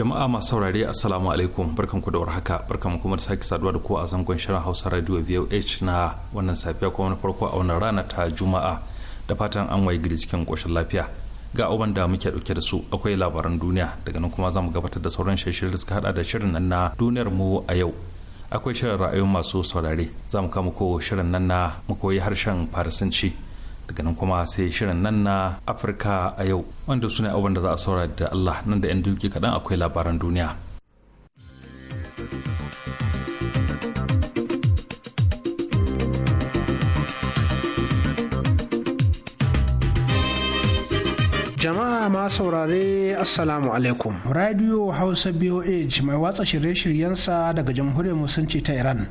jama'a masu saurare assalamu alaikum barkan ku da warhaka barkan kuma da sake saduwa da ku a zangon shirin hausa radio voh na wannan safiya kuma na farko a wannan rana ta juma'a da fatan an waye gidi cikin koshin lafiya ga abubuwan da muke dauke da su akwai labaran duniya daga nan kuma za mu gabatar da sauran shirye da suka hada da shirin nan na duniyar mu a yau akwai shirin ra'ayoyin masu saurare za mu kama ko shirin nan na mu koyi harshen farisanci daga nan kuma sai shirin nan na afirka a yau wanda su ne abin da za a saura da allah nan da 'yan duki kaɗan akwai labaran duniya jama'a ma saurare assalamu alaikum radio hausa boh mai watsa shirye-shiryensa daga jamhuriyar musulunci ta iran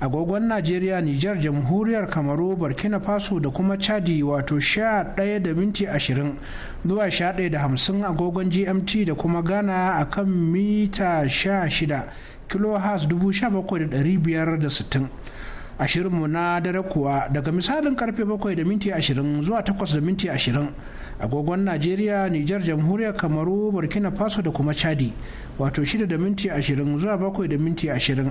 agogon najeriya niger jamhuriyar kamaru burkina faso da kuma chadi wato da minti ashirin zuwa ɗaya da hamsin agogon gmt da kuma ghana a kan mita 16 kilohertz 17,560 ashirinmu na dare kuwa daga misalin karfe bakwai da minti ashirin zuwa takwas da minti ashirin agogon najeriya niger jamhuriyar kamaru burkina faso da kuma chadi wato shida da minti ashirin zuwa bakwai da minti ashirin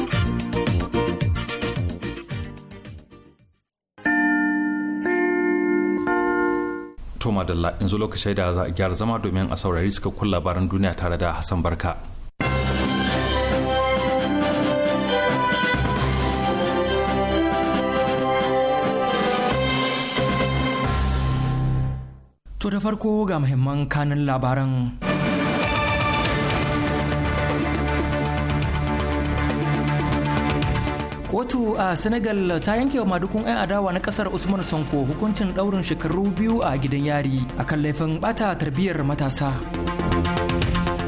Toma Dalla in zo lokacin da za gyara zama domin a saurari suka kun labaran duniya tare da Hassan Barka. To da farko ga muhimman kanin labaran. kotu a senegal ta yanke wa madukun 'yan adawa na kasar usman sonko hukuncin daurin shekaru biyu a gidan yari akan laifin bata tarbiyyar matasa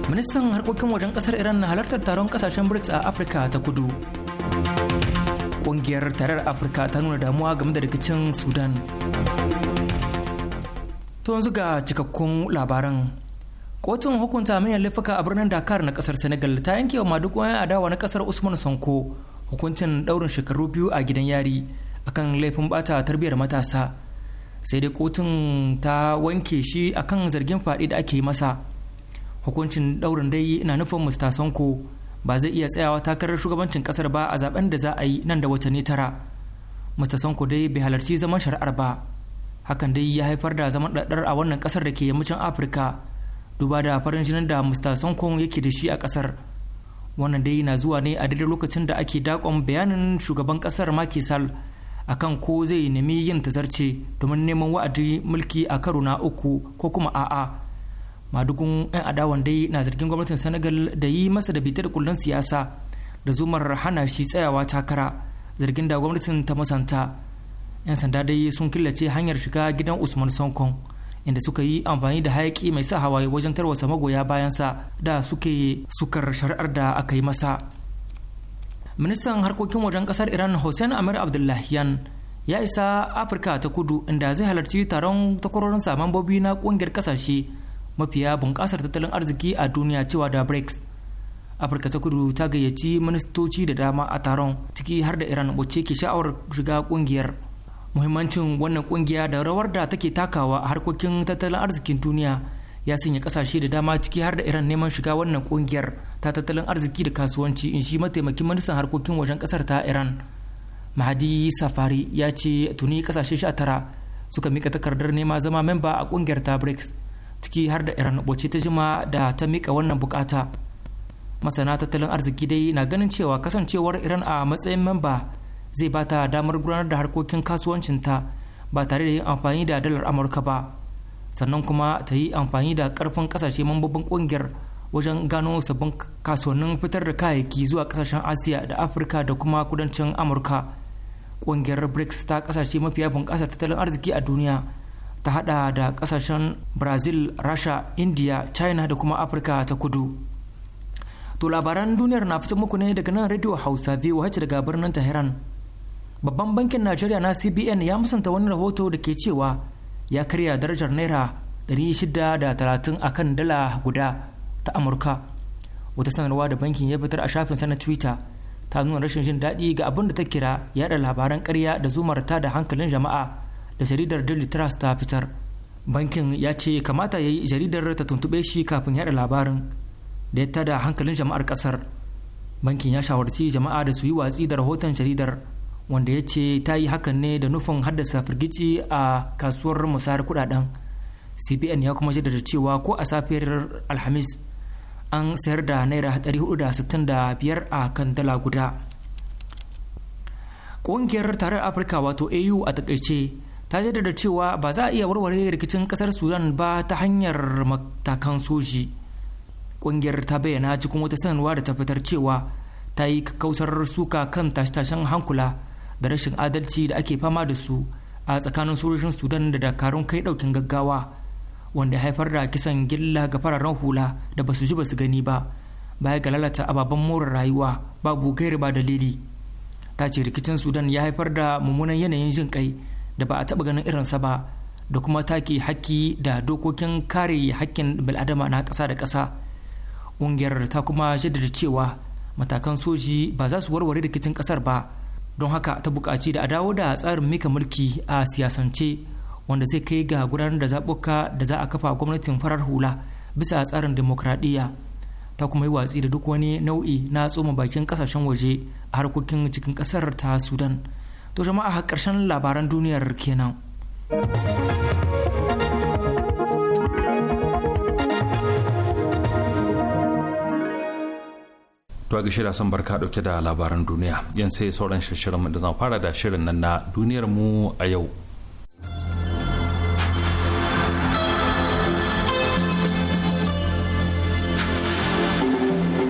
ministan harkokin wajen kasar iran na halartar taron kasashen brics a afirka ta kudu kungiyar tarar afirka ta nuna damuwa game da rikicin sudan to yanzu cikakkun labaran kotun hukunta manyan laifuka a birnin dakar na kasar senegal ta yanke wa madukun 'yan adawa na kasar usman sonko hukuncin ɗaurin shekaru biyu a gidan yari akan laifin bata tarbiyyar matasa sai dai kotun ta wanke shi akan zargin faɗi da ake masa hukuncin ɗaurin dai na nufin mista sonko ba zai iya tsayawa takarar shugabancin kasar ba a zaben da za a yi nan da watanni tara mista sonko dai bai halarci zaman shari'ar ba hakan dai ya haifar da zaman ɗaɗɗar a wannan kasar da ke yammacin afirka duba da farin jinin da mr sonko yake da shi a kasar wannan dai na zuwa ne a daidai lokacin da ake dakon bayanin shugaban kasar Macky Sall akan ko zai nemi yin tazarce domin neman wa'adi mulki a karo na uku ko kuma a'a madugun 'yan adawan dai na zargin gwamnatin senegal da yi masa da bitar kullun siyasa da zumar hana shi tsayawa takara zargin da gwamnatin ta musanta 'yan sanda dai sun killace hanyar shiga gidan usman sankon. inda suka yi amfani da hayaki mai sa hawaye wajen tarwasa magoya bayansa da suke sukar shari'ar da aka yi masa ministan harkokin wajen kasar iran hussein amir abdullahiyan ya isa afirka ta kudu inda zai halarci taron takwarorin mambobi na kungiyar kasashe mafiya bunƙasar tattalin arziki a duniya cewa da brics afirka ta kudu ta gayyaci ministoci da dama a taron ciki har da iran wacce ke sha'awar shiga kungiyar muhimmancin wannan kungiya da rawar da take takawa a harkokin tattalin arzikin duniya ya sanya kasashe da dama ciki har da iran neman shiga wannan kungiyar ta tattalin arziki da kasuwanci in shi mataimakin ministan harkokin wajen kasar ta iran mahadi safari ya ce tuni kasashe sha tara suka mika takardar nema zama memba a kungiyar ta brics ciki har da iran bace ta jima da ta mika wannan bukata masana tattalin arziki dai na ganin cewa kasancewar iran a matsayin memba zai ba ta damar gudanar da harkokin kasuwancinta ba tare da yin amfani da dalar amurka ba sannan kuma ta yi amfani da karfin kasashe mambobin kungiyar wajen gano sabbin kasuwannin fitar da kayayyaki zuwa kasashen asiya da afirka da kuma kudancin amurka kungiyar brics ta kasashe mafi mafiya bunƙasa tattalin arziki a duniya ta hada da kasashen brazil rasha india china da kuma afirka ta kudu to labaran duniyar na fito muku ne daga nan radio hausa voh daga birnin tehran babban bankin najeriya na cbn ya musanta wani rahoto da ke cewa ya karya darajar naira 630 a kan dala guda ta amurka wata sanarwa da bankin ya fitar a shafin na twitter ta nuna rashin jin daɗi ga abin da ta kira yada labaran karya da zumarta da hankalin jama'a da jaridar daily trust ta fitar bankin ya ce kamata ya yi jaridar ta tuntuɓe shi kafin yada labarin da ya tada hankalin jama'ar ƙasar bankin ya shawarci jama'a da su yi watsi da rahoton jaridar wanda ya ce ta yi hakan ne da nufin haddasa firgici a kasuwar musayar kudaden cbn ya kuma jaddada cewa ko a safiyar alhamis an sayar da naira 465 a kan dala guda ƙungiyar tarar afirka wato au a takaice ta jaddada cewa ba za a iya warware rikicin kasar sudan ba ta hanyar matakan soji ƙungiyar ta bayyana cikin wata sanarwa da ta fitar cewa ta yi kausar suka kan tashe-tashen hankula da rashin adalci da ake fama da su a tsakanin sojojin sudan da dakarun kai daukin gaggawa wanda haifar da kisan gilla ga fararen hula da basu ji basu gani ba baya ga lalata ababen more rayuwa babu gairi ba dalili ta ce rikicin sudan ya haifar da mummunan yanayin jin kai da ba a taba ganin irinsa ba da kuma take haƙƙi da dokokin kare haƙƙin bil'adama na ƙasa da ƙasa ƙungiyar ta kuma jaddada cewa matakan soji ba za su warware rikicin ƙasar ba don haka ta bukaci da a dawo da tsarin mika mulki a siyasance wanda zai kai ga gudanar da zaɓuka da za a kafa gwamnatin farar hula bisa tsarin demokradiyya ta kuma yi watsi da duk wani nau'i na tsoma bakin kasashen waje a harkokin cikin ƙasar ta sudan to jama'a ƙarshen labaran duniyar kenan. To ga shirya barka dauke da labaran duniya yan sai sauran shirin da zan fara da shirin nan na duniyar mu a yau.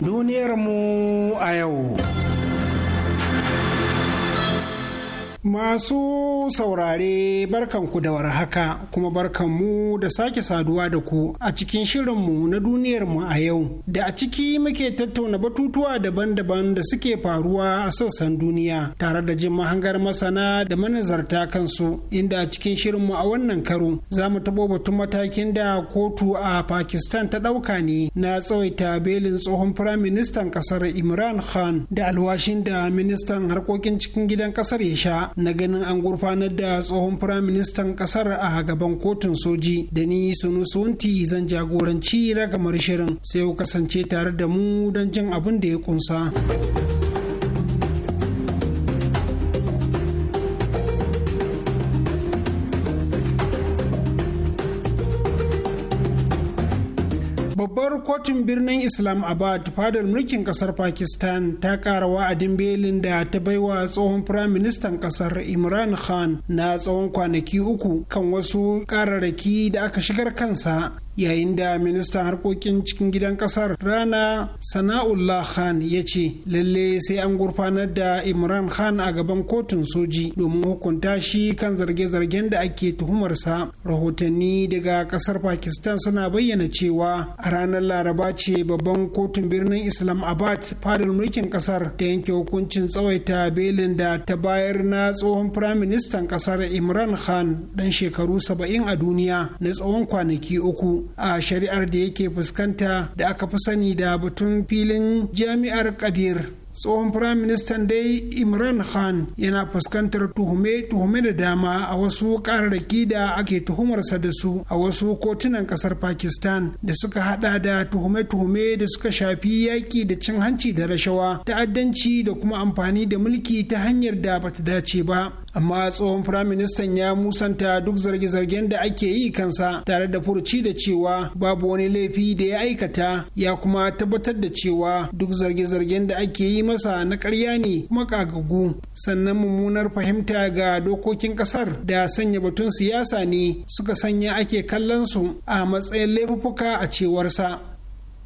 Duniyar mu a yau. Masu saurare barkanku da warhaka kuma barkanmu da sake saduwa da ku a cikin shirin mu na duniyar mu a yau da a ciki muke tattauna batutuwa daban-daban da suke faruwa a sassan duniya tare da jin mahangar masana da manazarta kansu inda a cikin shirinmu a wannan karo za mu tabo batun matakin da kotu a Pakistan ta ɗauka ne na tsawaita belin tsohon firaministan ƙasar Imran Khan da alwashin da ministan harkokin cikin gidan ƙasar ya sha na ganin an gurfanar da tsohon firaministan kasar a gaban kotun soji da ni sunusunti zan jagoranci ragamar shirin sai ku kasance tare da mu don jin abin da ya kunsa. islam abad fadar mulkin kasar pakistan ta kara wa'adin belin da ta baiwa tsohon firaministan kasar imran khan na tsawon kwanaki uku kan wasu kararraki da aka shigar kansa yayin da ministan harkokin cikin gidan kasar rana sana'ullah khan ya ce lalle sai an gurfanar da imran khan a gaban kotun soji domin hukunta shi kan zarge-zargen da ake tuhumarsa rahotanni daga kasar pakistan suna bayyana cewa a ranar laraba ce babban kotun birnin islam abad fadar mulkin kasar ta yanke hukuncin tsawaita belin da ta bayar na tsohon firaministan kasar imran khan dan shekaru 70 a duniya na tsawon kwanaki uku a shari'ar da yake fuskanta da aka fi sani da batun filin jami'ar kadir tsohon firaministan dai imran khan yana fuskantar tuhume-tuhume da dama a wasu kararraki da ake tuhumarsa da su a wasu kotunan kasar pakistan da suka hada da tuhume-tuhume da suka shafi yaƙi da cin hanci da rashawa ta'addanci da kuma amfani da mulki ta hanyar da bata dace ba amma tsohon firaministan ya musanta duk zarge-zargen da ake yi kansa tare da furuci da cewa babu wani laifi da ya aikata ya kuma tabbatar da cewa duk zarge-zargen da ake yi masa na ƙarya ne kuma ƙagagu sannan mummunar fahimta ga dokokin ƙasar da sanya batun siyasa ne suka sanya ake kallon su a matsayin laifuka a cewarsa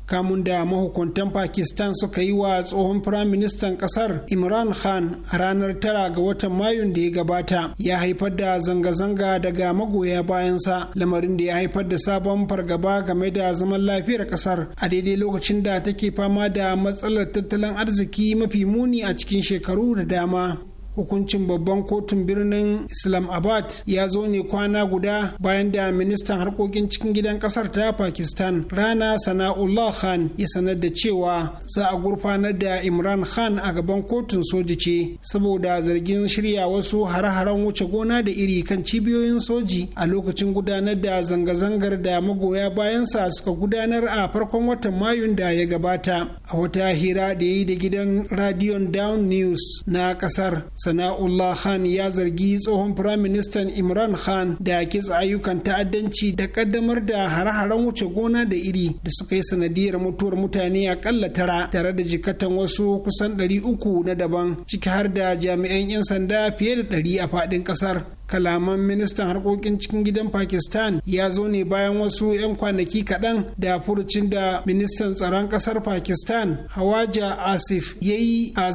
kamun da mahukuntan pakistan suka yi wa tsohon firaministan kasar imran khan a ranar tara ga watan mayun da ya gabata ya haifar da zanga-zanga daga magoya bayansa lamarin da ya haifar da sabon fargaba game da zaman lafiyar kasar a daidai lokacin da take fama da matsalar tattalin arziki mafi muni a cikin shekaru da dama hukuncin babban kotun birnin islamabad ya zo ne kwana guda bayan da ministan harkokin cikin gidan kasar ta pakistan rana sana'ullah khan ya sanar da cewa za a gurfanar da imran khan a gaban kotun soji ce saboda zargin shirya wasu hare-haren wuce gona da iri kan cibiyoyin soji a lokacin gudanar da zanga-zangar da magoya bayansa suka gudanar a farkon watan mayun da ya gabata a wata hira da ya yi da gidan radiyon down news na kasar sana'ullah khan ya zargi tsohon firaministan imran khan da kitsa ayyukan ta'addanci da kaddamar da hare-haren wuce gona da iri da suka yi sanadiyar mutuwar mutane akalla tara tare da jikatan wasu kusan 300 na daban ciki har da jami'an 'yan sanda fiye da 100 a faɗin ƙasar kalaman ministan harkokin cikin gidan pakistan ya zo ne bayan wasu 'yan kwanaki kaɗan da furucin da ministan tsaron ƙasar pakistan hawaja asif ya yi a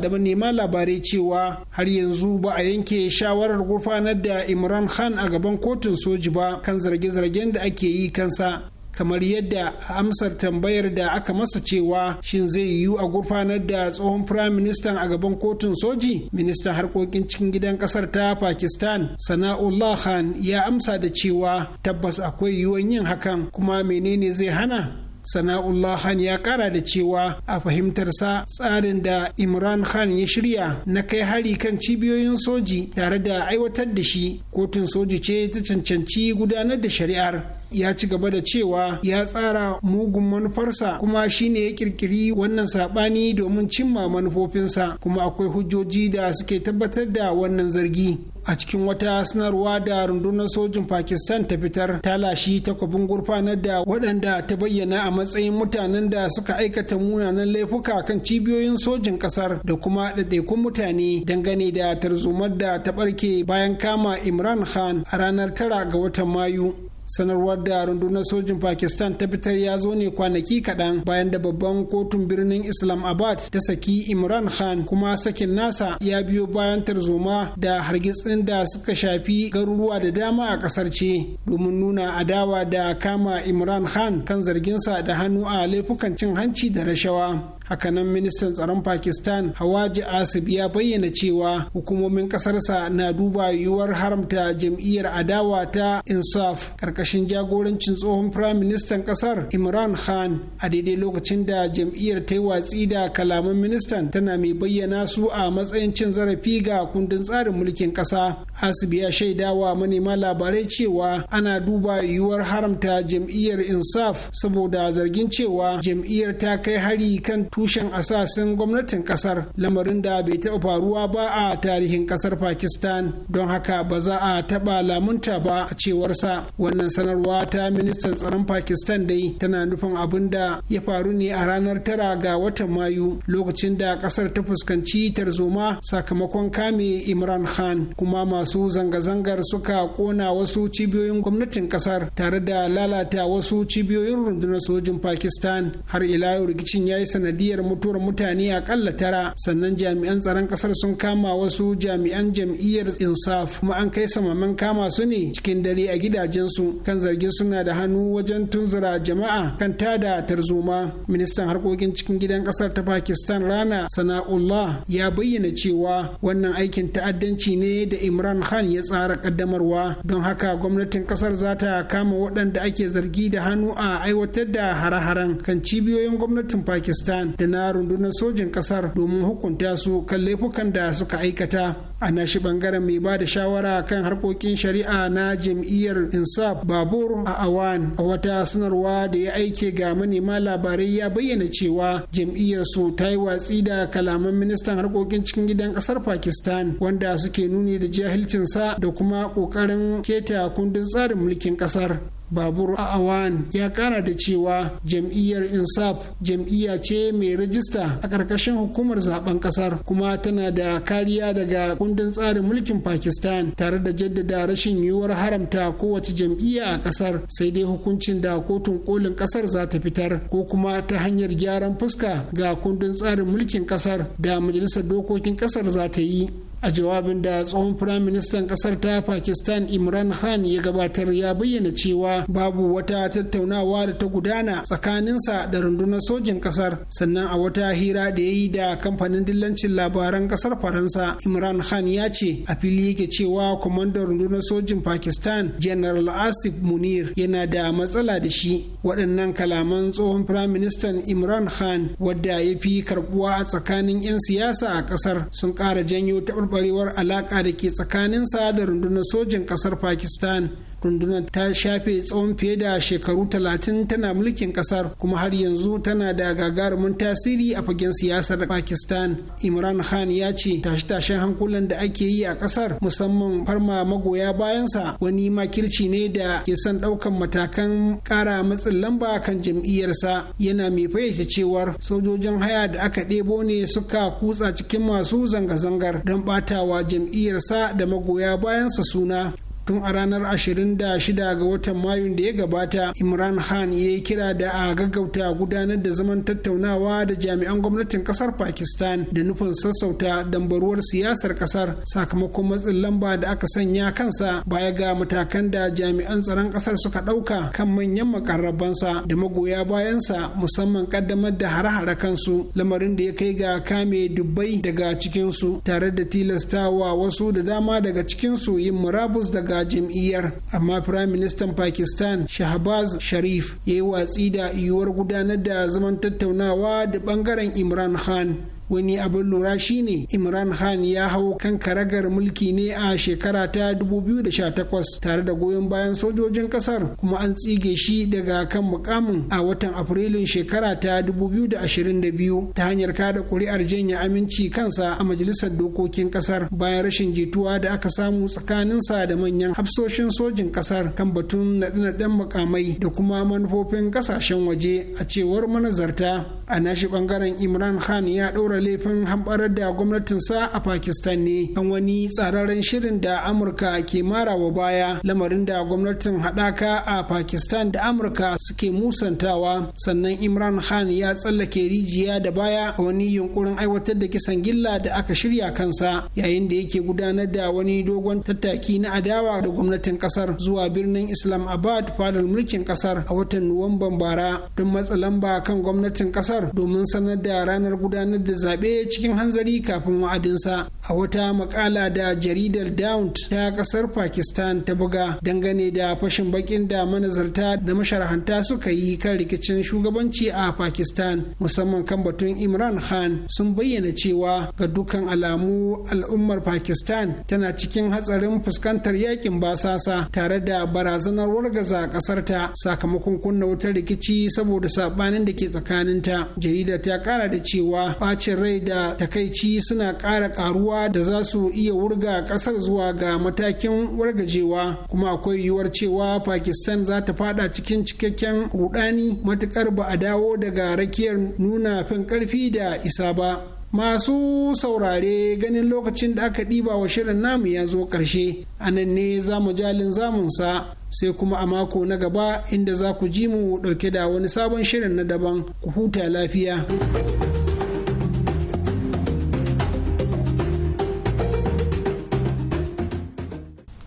da manema labarai cewa har yanzu ba a yanke shawarar gurfanar da imran khan a gaban kotun soji ba kan zarge-zargen da ake yi kansa kamar yadda amsar tambayar da aka masa cewa shin zai yiwu a gurfanar da tsohon firayim ministan a gaban kotun soji ministan harkokin cikin gidan kasar ta pakistan sana'ullah khan ya amsa da cewa tabbas akwai yiwuwan yin hakan kuma menene zai hana sana'ullah khan ya kara da cewa a fahimtarsa tsarin da imran khan ya shirya na kai hari kan cibiyoyin soji tare da aiwatar da shi kotun soji ce ta cancanci gudanar da shari'ar ya ci gaba da cewa ya tsara mugun manufarsa kuma shine ya kirkiri wannan sabani domin cimma manufofinsa kuma akwai hujjoji da suke tabbatar da wannan zargi a cikin wata sanarwa da rundunar sojin pakistan ta fitar ta lashi takwabin gurfanar da waɗanda ta bayyana a matsayin mutanen da suka aikata munanan laifuka kan cibiyoyin sojin ƙasar da kuma ɗaiɗaikun mutane dangane da tarzomar da ta ɓarke bayan kama imran khan a ranar tara ga watan mayu sanarwar da rundunar sojin pakistan ta fitar ya zo ne kwanaki kaɗan bayan da babban kotun birnin islamabad ta saki imran khan kuma sakin nasa ya biyo bayan tarzoma da hargitsin da suka shafi garuruwa da dama a ƙasar ce domin nuna adawa da kama imran khan kan zarginsa da hannu a laifukan cin hanci da rashawa hakanan ministan tsaron pakistan hawaji asib ya bayyana cewa hukumomin kasarsa na duba yiwuwar haramta jam'iyyar adawa ta insaf karkashin jagorancin tsohon ministan kasar imran khan a daidai lokacin da jam'iyyar ta yi watsi da kalaman ministan tana mai bayyana su a matsayin cin zarafi ga kundin tsarin mulkin kasa asib ya shaidawa manema labarai cewa ana duba yiwuwar haramta jam'iyyar insaf saboda zargin cewa jam'iyyar ta kai hari kan tushen asasin gwamnatin kasar lamarin da bai taɓa faruwa ba a tarihin kasar pakistan don haka ba za a taɓa lamunta ba a cewarsa wannan sanarwa ta ministan tsaron pakistan dai tana nufin abin da ya faru ne a ranar tara ga watan mayu lokacin da kasar ta fuskanci tarzoma sakamakon kame imran khan kuma masu zanga-zangar suka kona wasu cibiyoyin gwamnatin kasar tare da lalata wasu cibiyoyin rundunar sojin pakistan har ila yau rikicin ya yi sanadiyar sanadiyar mutuwar mutane akalla tara sannan jami'an tsaron kasar sun kama wasu jami'an jam'iyyar insaf kuma an kai samaman kama su ne cikin dare a gidajensu kan zargin suna da hannu wajen tunzura jama'a kan tada tarzoma ministan harkokin cikin gidan kasar ta pakistan rana sana'ullah ya bayyana cewa wannan aikin ta'addanci ne da imran khan ya tsara kaddamarwa don haka gwamnatin kasar za ta kama waɗanda ake zargi da hannu a aiwatar da hare-haren kan cibiyoyin gwamnatin pakistan da na rundunar sojin kasar domin hukunta su kan laifukan da suka aikata a nashi bangaren mai ba da shawara kan harkokin shari'a na jam'iyyar insaf babur a awan a wata sanarwa da ya aike ga manema labarai ya bayyana cewa jam'iyyar su ta yi watsi da kalaman ministan harkokin cikin gidan kasar pakistan wanda suke nuni da jahilcinsa da kuma kokarin keta kundin tsarin mulkin kasar babur awan ya kara da cewa jam'iyyar insaf jam'iyya ce mai rajista a ƙarƙashin hukumar zaben ƙasar kuma tana da kariya daga kundin tsarin mulkin pakistan tare da jaddada rashin yiwuwar haramta kowace jam'iyya a ƙasar sai dai hukuncin da kotun kolin ƙasar za ta fitar ko kuma ta hanyar gyaran fuska ga kundin tsarin mulkin ƙasar da majalisar dokokin ƙasar za ta yi a jawabin da tsohon firaministan kasar ta pakistan imran khan ya gabatar ya bayyana cewa babu wata tattaunawa da ta gudana tsakaninsa da rundunar sojin kasar sannan a wata hira da ya yi da kamfanin dillancin labaran kasar faransa imran khan ya ce a fili yake cewa kwamandan rundunar sojin pakistan general asif munir yana da matsala da shi waɗannan kalaman tsohon firaministan imran khan wadda ya fi karbuwa a tsakanin 'yan siyasa a kasar sun ƙara janyo taɓar taɓarɓarewar alaƙa da ke tsakaninsa da rundunar sojin ƙasar pakistan rundunar ta shafe tsawon fiye da shekaru talatin tana mulkin kasar kuma har yanzu tana da gagarumin tasiri a fagen siyasar pakistan imran khan ya ce tashe-tashen hankulan da ake yi a kasar musamman farma magoya bayansa wani makirci ne da ke son ɗaukan matakan ƙara matsin lamba kan jam'iyyarsa yana mai fayyace cewar sojojin haya da aka ɗebo ne suka kutsa cikin masu zanga-zangar don ɓatawa jam'iyyarsa da magoya bayansa suna tun a ranar 26 ga watan mayu da ya gabata imran khan ya yi kira da a gaggauta gudanar da zaman tattaunawa da jami'an gwamnatin kasar pakistan da nufin sassauta dambaruwar siyasar kasar sakamakon matsin lamba da aka sanya kansa baya ga matakan da jami'an tsaron kasar suka ɗauka kan manyan makarrabansa da magoya bayansa musamman kaddamar da hare-hare kansu lamarin da ya kai ga kame dubbai daga cikinsu tare da tilastawa wasu da dama daga cikinsu yin murabus daga jam'iyyar amma firaministan pakistan shahbaz sharif ya yi watsi da yiwuwar gudanar da zaman tattaunawa da bangaren imran khan wani abin lura shine imran khan ya hau kan karagar mulki ne a shekara ta 2018 tare da goyon bayan sojojin kasar kuma an tsige shi daga kan mukamin a watan afrilun shekara ta 2022 ta hanyar kada kuri'ar janya aminci kansa a majalisar dokokin kasar bayan rashin jituwa da aka samu tsakaninsa da manyan hafsoshin sojin kasar kan batun naɗe-naɗen mukamai da kuma manufofin kasashen waje a cewar manazarta a nashi bangaren imran khan ya ɗora laifin hambarar da gwamnatinsa a Pakistan ne kan wani tsararren shirin da Amurka ke mara wa baya lamarin da gwamnatin haɗaka a Pakistan da Amurka suke musantawa sannan Imran Khan ya tsallake rijiya da baya a wani yunkurin aiwatar da kisan gilla da aka shirya kansa yayin da yake gudanar da wani dogon tattaki na adawa da gwamnatin kasar zuwa birnin islam Islamabad fadar mulkin kasar a watan Nuwamban bara don matsa lamba kan gwamnatin kasar domin sanar da ranar gudanar da zaɓe cikin hanzari kafin wa'adinsa a wata makala da jaridar Daunt ta kasar Pakistan ta buga dangane da fashin bakin da manazarta da masharahanta suka yi kan rikicin shugabanci a Pakistan musamman kan batun Imran Khan sun bayyana cewa ga dukkan alamu al'ummar Pakistan tana cikin hatsarin fuskantar yakin basasa tare da barazanar wargaza ta sakamakon kunna wutar rikici saboda sabanin da ke tsakaninta jaridar ta kara da cewa bacin rai da takaici suna kara karuwa da za su iya wurga kasar zuwa ga matakin wargajewa kuma akwai yiwuwar cewa pakistan za ta fada cikin cikakken rudani matukar ba a dawo daga rakiyar nuna fin karfi da isa ba masu saurare ganin lokacin da aka ɗiba wa shirin namu ya zo ƙarshe a nan ne za mu jalin zamunsa sai kuma a mako na gaba inda za ku ji mu ɗauke da wani sabon shirin na daban ku huta lafiya.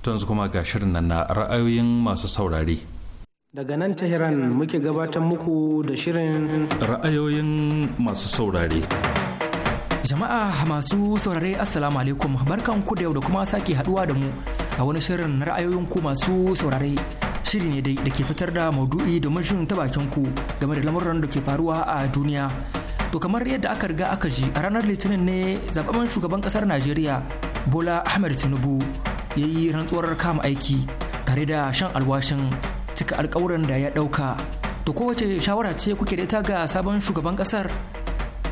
tun kuma ga shirin nan na ra'ayoyin masu saurare daga nan tehran muke gabatar muku da shirin ra'ayoyin masu saurare jama'a masu saurare assalamu alaikum barkan ku da yau da kuma sake haduwa da mu a wani shirin ra'ayoyin ku masu saurare shiri ne da ke fitar da maudu'i domin shirin ta bakin ku game da lamuran da ke faruwa a duniya to kamar yadda aka riga aka ji a ranar litinin ne zababben shugaban kasar najeriya bola ahmed tinubu ya yi rantsuwar kama aiki tare da shan alwashin cika alkawuran da ya ɗauka to kowace shawara ce kuke da ita ga sabon shugaban kasar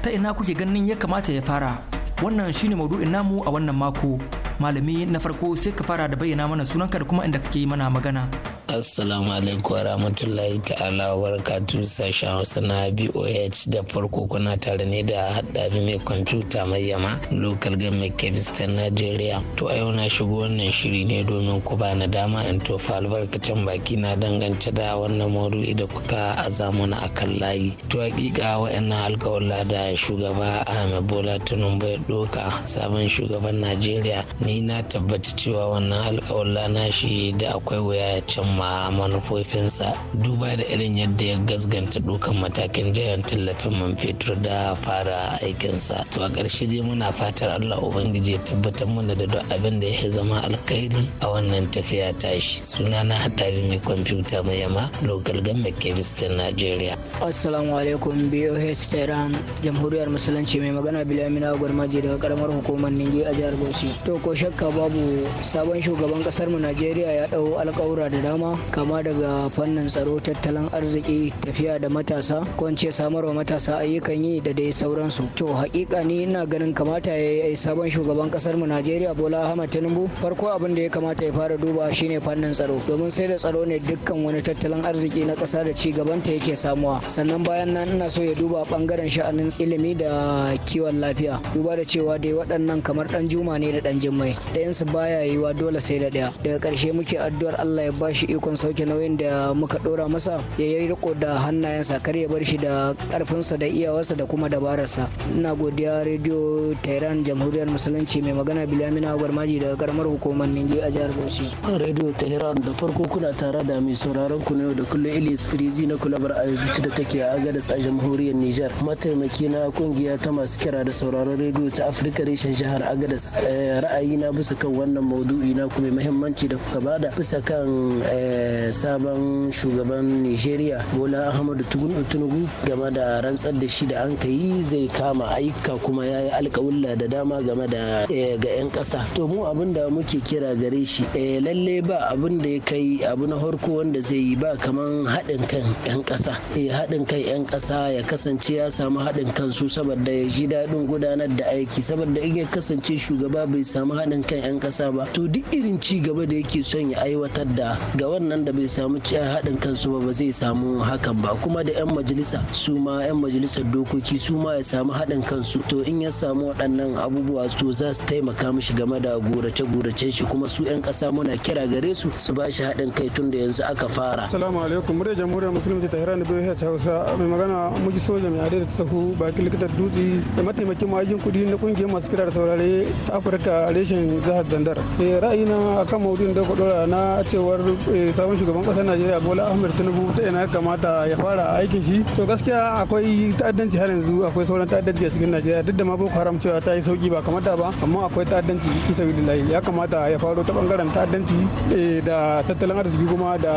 ta ina kuke ganin ya kamata ya fara wannan shine maudu'in namu a wannan mako malami na farko sai ka fara da bayyana mana sunanka da kuma inda kake mana magana Assalamu alaikum rahmatullahi ta'ala wa sashen Hausa na BOH da farko kuna tare ne da haɗabi mai kwamfuta mai yama local government Kebistan Najeriya. To a yau na shigo wannan shiri ne domin ku ba na dama in tofa albarkacin baki na dangance da wannan maudu'i da kuka zamuna a kan layi. To hakika wa'annan alkawalla da shugaba Ahmed Bola Tinubu ya doka sabon shugaban Najeriya ni na tabbata cewa wannan alkawalla na shi da akwai wuya ya cimma. kuma manufofinsa duba da irin yadda ya gasganta dukan matakin jihar tallafin man fetur da fara aikinsa to a ƙarshe dai muna fatar allah ubangiji ya tabbatar mana da duk abin da ya zama alkhairi a wannan tafiya tashi suna na haɗari mai kwamfuta mai yama local government kevistin nigeria assalamu alaikum boh tehran jamhuriyar musulunci mai magana bilamina gwarmaji daga karamar hukumar ningi a jihar bauchi to ko shakka babu sabon shugaban kasar mu najeriya ya ɗau alƙawura da dama kama daga fannin tsaro tattalin arziki tafiya da matasa kwance samarwa matasa ayyukan yi da dai sauransu to hakika ni ina ganin kamata ya yi sabon shugaban kasar mu najeriya bola ahmad tinubu farko abin da ya kamata ya fara duba shine fannin tsaro domin sai da tsaro ne dukkan wani tattalin arziki na kasa da ci gabanta yake samuwa sannan bayan nan ina so ya duba bangaren sha'anin ilimi da kiwon lafiya duba da cewa dai waɗannan kamar dan juma ne da dan jimmai ɗayansu baya yiwa dole sai da ɗaya daga ƙarshe muke addu'ar allah ya bashi iko ikon sauke nauyin da muka dora masa ya yi riko da hannayensa kar ya bar shi da karfinsa da iyawarsa da kuma dabararsa ina godiya rediyo tehran jamhuriyar musulunci mai magana bilamina gwarmaji daga karamar hukumar ningi a jihar bauchi rediyo tehran da farko kuna tara da mai sauraron ku na yau da kullum ilis firizi na kulabar ayyuci da take a agadas a jamhuriyar nijar mataimaki na kungiya ta masu kira da sauraron rediyo ta afirka reshen jihar agadas eh, ra'ayi na bisa kan wannan maudu'i na kuma muhimmanci da kuka bada bisa kan eh, sabon shugaban nigeria bola ahmadu tinubu game da rantsar da shi da an ka yi zai kama aika kuma ya yi alkawulla da dama game da eh, ga 'yan kasa to mu abin da muke kira gare shi eh, lalle ba abin da ya kai abu na farko wanda zai yi ba kamar haɗin kan 'yan ƙasa eh, haɗin kan 'yan kasa ya kasance ya samu haɗin kan su saboda ya ji daɗin gudanar da aiki saboda in ya kasance shugaba bai samu haɗin kan 'yan kasa ba to duk irin ci gaba da yake son ya aiwatar da ga wannan da bai samu cewa haɗin kansu ba ba zai samu hakan ba kuma da 'yan majalisa su ma 'yan majalisar dokoki su ma ya samu haɗin kansu to in ya samu waɗannan abubuwa to za su taimaka mishi game da gurace-gurace shi kuma su 'yan ƙasa muna kira gare su su ba shi haɗin kai tun da yanzu aka fara. Salamu alaikum murya jamhuriyar musulunci ta hira Iran bai ta Hausa mai magana muji soja mai adai da ta sahu bakin likitar dutse da mataimakin ma'ajin kuɗi na ƙungiyar masu kira da saurare ta Afirka reshen jihar Zandar. Eh, ra'ayina akan maudu'in da ku na cewar eh, sabon shugaban ƙasar najeriya bola ahmed tinubu ta ina kamata ya fara aikin shi to gaskiya akwai ta'addanci har yanzu akwai sauran ta'addanci a cikin najeriya duk da ma boko haram cewa ta yi sauki ba kamata ba amma akwai ta'addanci fi sabilillahi ya kamata ya faro ta bangaren ta'addanci eh, da tattalin arziki kuma da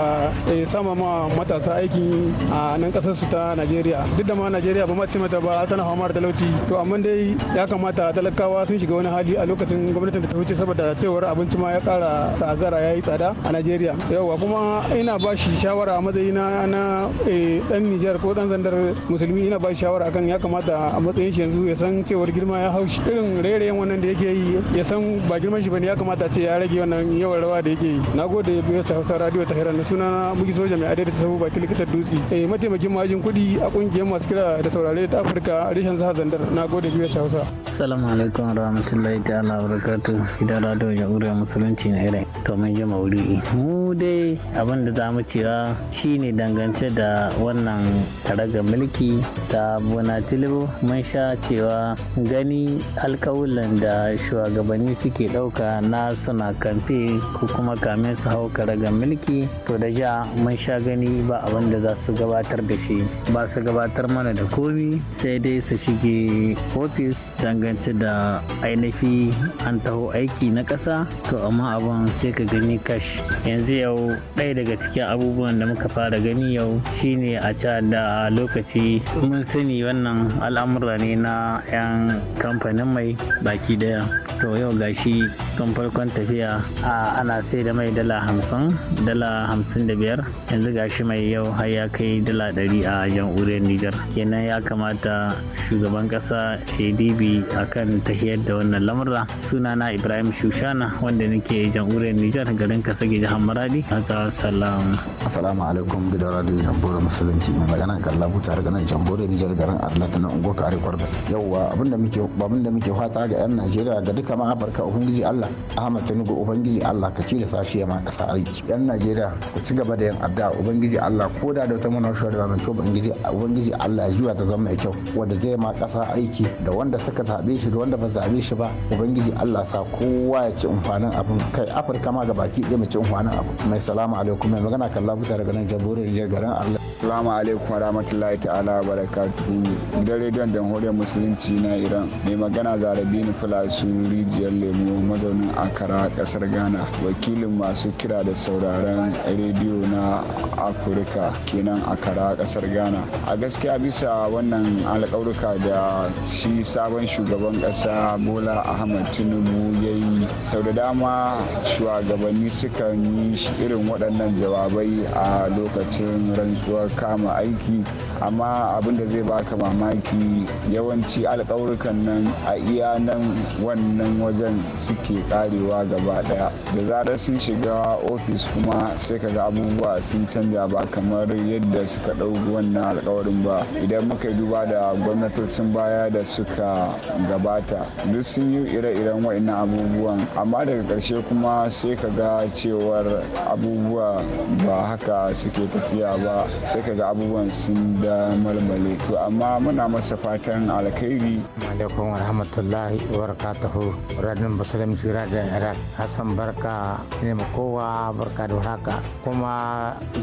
eh, sama ma matasa aikin a nan ƙasar su ta najeriya duk da ma najeriya ba ma ce mata ba tana fama da talauci to amma dai ya kamata talakawa sun shiga wani hali a lokacin gwamnatin da ta wuce saboda cewar abinci ma ya kara azara ya yi tsada a najeriya yawa abubuwa kuma ina ba shi shawara a matsayina na eh, dan Nijar ko dan zandar musulmi ina ba shi shawara akan ya kamata a matsayin shi yanzu ya san cewar girma ya haushi irin rairayin wannan da yake yi ya san ba girman shi bane ya kamata ce ya rage wannan yawan rawa da yake yi nagode biyo ta Hausa radio ta na suna mugi soja mai adai da sabu bakin likitar dutse eh mataimakin majin kudi a kungiyar masu kira da saurare ta Afirka reshen jihar Zandar nagode biyo ta Hausa assalamu alaikum rahmatullahi ta'ala barakatuh idan radio ya ure musulunci na irin to mun ji maulidi mu dai Eh, abin da za mu cewa shine dangance da wannan taraga mulki ta bona mun sha cewa gani alkawulan da shugabanni suke ɗauka na suna kamfe ko kuma kamin su hau karaga mulki to da ja mun sha gani ba abin da za su gabatar da shi ba su gabatar mana da komi sai dai su shige ofis dangance da ainihi an taho aiki na ƙasa to amma abin sai ka gani kash yanzu yau ɗaya daga cikin abubuwan da muka fara gani yau shine a ca da lokaci mun sani wannan al'amura ne na 'yan kamfanin mai baki daya to yau gashi sun farkon tafiya a ana sai da mai dala hamsin dala hamsin da biyar yanzu gashi mai yau har ya kai dala ɗari a jamhuriyar nijar kenan ya kamata shugaban ƙasa shedibi akan tahiyar da wannan lamura sunana ibrahim shushana wanda nake jamhuriyar nijar garin kasage jihar maradi a Gaza salam. Assalamu alaikum gidan radio Jamhuriyar Musulunci mai magana kalla buta daga nan Jamhuriyar Nijar garin Arnat na Ungo Kare Kwarba. Yawwa abinda muke ba abinda muke fata ga 'yan Najeriya ga duka ma Afirka Ubangiji Allah Ahmad Tinubu Ubangiji Allah ka ci da safiya ma sa aiki. 'Yan Najeriya ku ci gaba da yin addu'a Ubangiji Allah ko da da wata munashuwa da mai kyau Ubangiji Ubangiji Allah ya juya ta zama mai kyau wanda zai ma kasa aiki da wanda suka zabe shi da wanda ba zabe shi ba Ubangiji Allah sa kowa ya ci amfanin abin kai Afirka ma ga baki ɗaya mu ci amfanin abin mai sa salamu alaikum mai magana kalla buta daga nan jamhuriyar garin allah Assalamu alaikum wa rahmatullahi ta'ala wa barakatuhu. Gidan rediyon jamhuriyar musulunci na Iran mai magana Zarabini Fulasu rijiyar lemo mazaunin Akara kasar Ghana wakilin masu kira da sauraron rediyo na Afirka kenan Akara kasar Ghana. A gaskiya bisa wannan alƙawarka da shi sabon shugaban ƙasa Bola Ahmad Tinubu ya yi sau da dama shugabanni sukan yi irin waɗannan jawabai a lokacin rantsuwar kama aiki amma abin da zai baka mamaki yawanci alkawurkan nan a iya nan wannan wajen suke karewa gaba daya da zarar sun shiga ofis kuma sai kaga abubuwa sun canja ba kamar yadda suka ɗauki wannan alkawarin ba idan muka duba da gwamnatocin baya da suka gabata duk sun yi ire-iren wa'annan abubuwan amma daga ƙarshe kuma sai ka ga cewar abubuwa ba haka suke tafiya ba sai ka ga abubuwan sun da malmale to amma muna masa fatan alkhairi alaikum wa wabarakatuhu radin basalam kira da iraq hassan barka ne kowa barka da haka kuma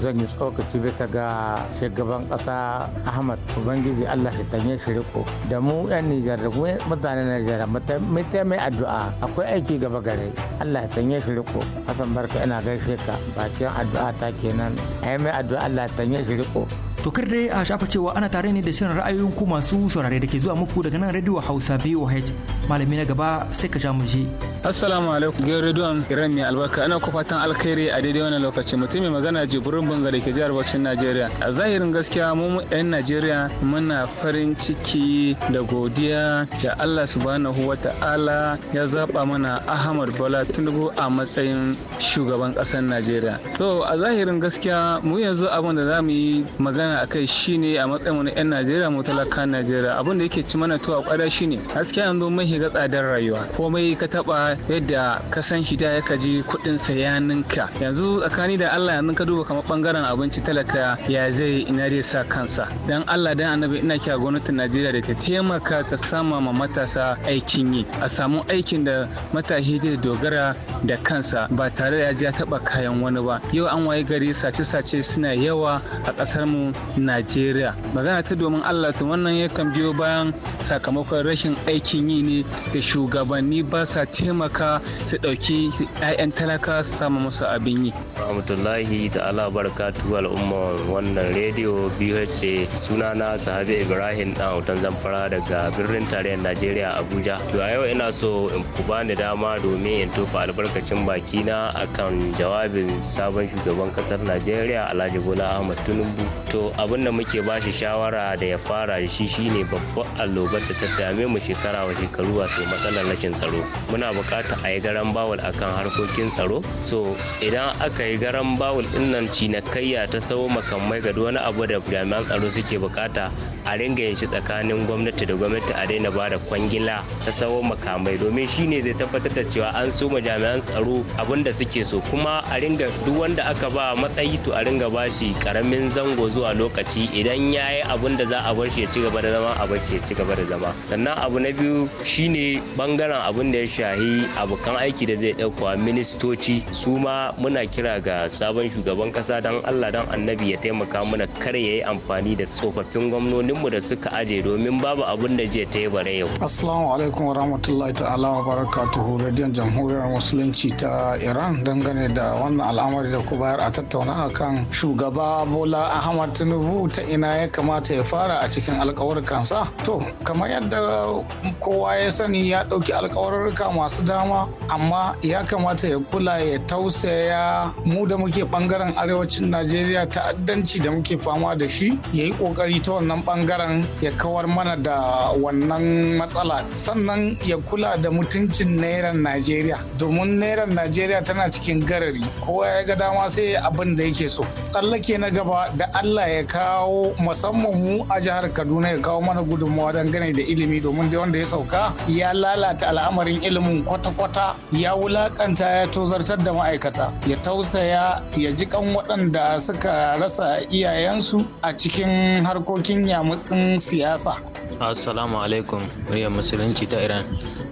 zan yi tsokaci bisa ga shugaban kasa ahmad ubangiji allah ya tanye shi riko da mu yan nijar da mu mutanen nijar mai taimai addu'a akwai aiki gaba gare allah ya tanye shi riko hassan barka ina gaishe ka bakin addu'a ta kenan ai mai addu'a allah ya tanye shi 结果。To kar dai a shafa cewa ana tare ne da shirin ra'ayoyin ku masu saurare da ke zuwa muku daga nan Radio Hausa VOH. Malami na gaba sai ka ja mu je. Assalamu alaikum radio rediyon Iran mai albarka ana ku fatan alkhairi a daidai wannan lokaci mutum mai magana Jibrin Banga da ke jihar Bauchin Najeriya. A zahirin gaskiya mu 'yan Najeriya muna farin ciki da godiya da Allah subhanahu wa ta'ala ya zaba mana Ahmad Bola Tinubu a matsayin shugaban ƙasar Najeriya. To a zahirin gaskiya mu yanzu abin da za mu yi magana magana a kai shine a matsayin wani 'yan Najeriya mu talaka Najeriya abin da yake ci mana tuwa kwada shi ne. an zo mun shiga tsadar rayuwa komai ka taba yadda ka san shi da ya kaji kudin sayaninka yanzu tsakani da Allah yanzu ka duba kamar bangaren abinci talaka ya zai ina zai sa kansa dan Allah dan annabi ina kira gwamnatin Najeriya da ta taimaka ta sama ma matasa aikin yi a samu aikin da matashi zai dogara da kansa ba tare da ya taba kayan wani ba yau an waye gari sace-sace suna yawa a kasar mu najeriya magana ta domin allah to wannan yakan biyo bayan sakamakon rashin aikin yi ne da shugabanni ba sa taimaka su ɗauki 'ya'yan talaka su samu musu abin yi rahmatullahi ta'ala tuwa al'umma wannan rediyo biyu ce sunana sahabi ibrahim dan hoton zamfara daga birnin tarayyar najeriya abuja to a yau ina so in ku bani dama domin in tofa albarkacin bakina akan jawabin sabon shugaban kasar najeriya alhaji bola ahmad tinubu to abin da muke ba shi shawara da ya fara shi shine babban allobar da ta dame mu shekara wa shekaru wato matsalar rashin tsaro muna bukata a yi garan bawul akan harkokin tsaro so idan aka yi garan bawul din nan cinakayya ta sau makamai ga wani abu da jami'an tsaro suke bukata a ringa yin shi tsakanin gwamnati da gwamnati a daina ba da kwangila ta sau makamai domin shine zai tabbatar da cewa an so jami'an tsaro abin da suke so kuma a ringa duk wanda aka ba matsayi to a ringa bashi karamin zango zuwa lokaci idan ya yi abin da za a bar shi ya ci gaba da zama a bar shi ya ci gaba da zama sannan abu na biyu shine bangaren abin da ya shahi abokan aiki da zai ɗauka ministoci su ma muna kira ga sabon shugaban kasa don allah don annabi ya taimaka mana kar ya yi amfani da tsofaffin gwamnoninmu da suka aje domin babu abin da zai ta bare yau assalamu alaikum wa rahmatullahi ta'ala wa barakatuhu radiyon jamhuriyar musulunci ta iran dangane da wannan al'amari da ku bayar a tattauna akan shugaba bola ahmad tinubu ta ina ya kamata ya fara a cikin kansa to kamar yadda kowa ya sani ya ɗauki alkawarurruka masu dama amma ya kamata ya kula ya tausaya mu da muke bangaren arewacin najeriya ta'addanci da muke fama da shi ya yi ƙoƙari ta wannan bangaren ya kawar mana da wannan matsala sannan ya kula da mutuncin nairan najeriya domin nairan najeriya tana cikin garari kowa ya ga dama sai abin da yake so tsallake na gaba da allah ya ya kawo musamman mu a jihar Kaduna ya kawo mana gudunmawa dangane da ilimi domin da wanda ya sauka ya lalata al'amarin ilimin kwata-kwata ya wulakanta ya tozartar da ma'aikata ya tausaya ya ji kan waɗanda suka rasa iyayensu a cikin harkokin yamutsin siyasa. Assalamu alaikum muryar musulunci ta Iran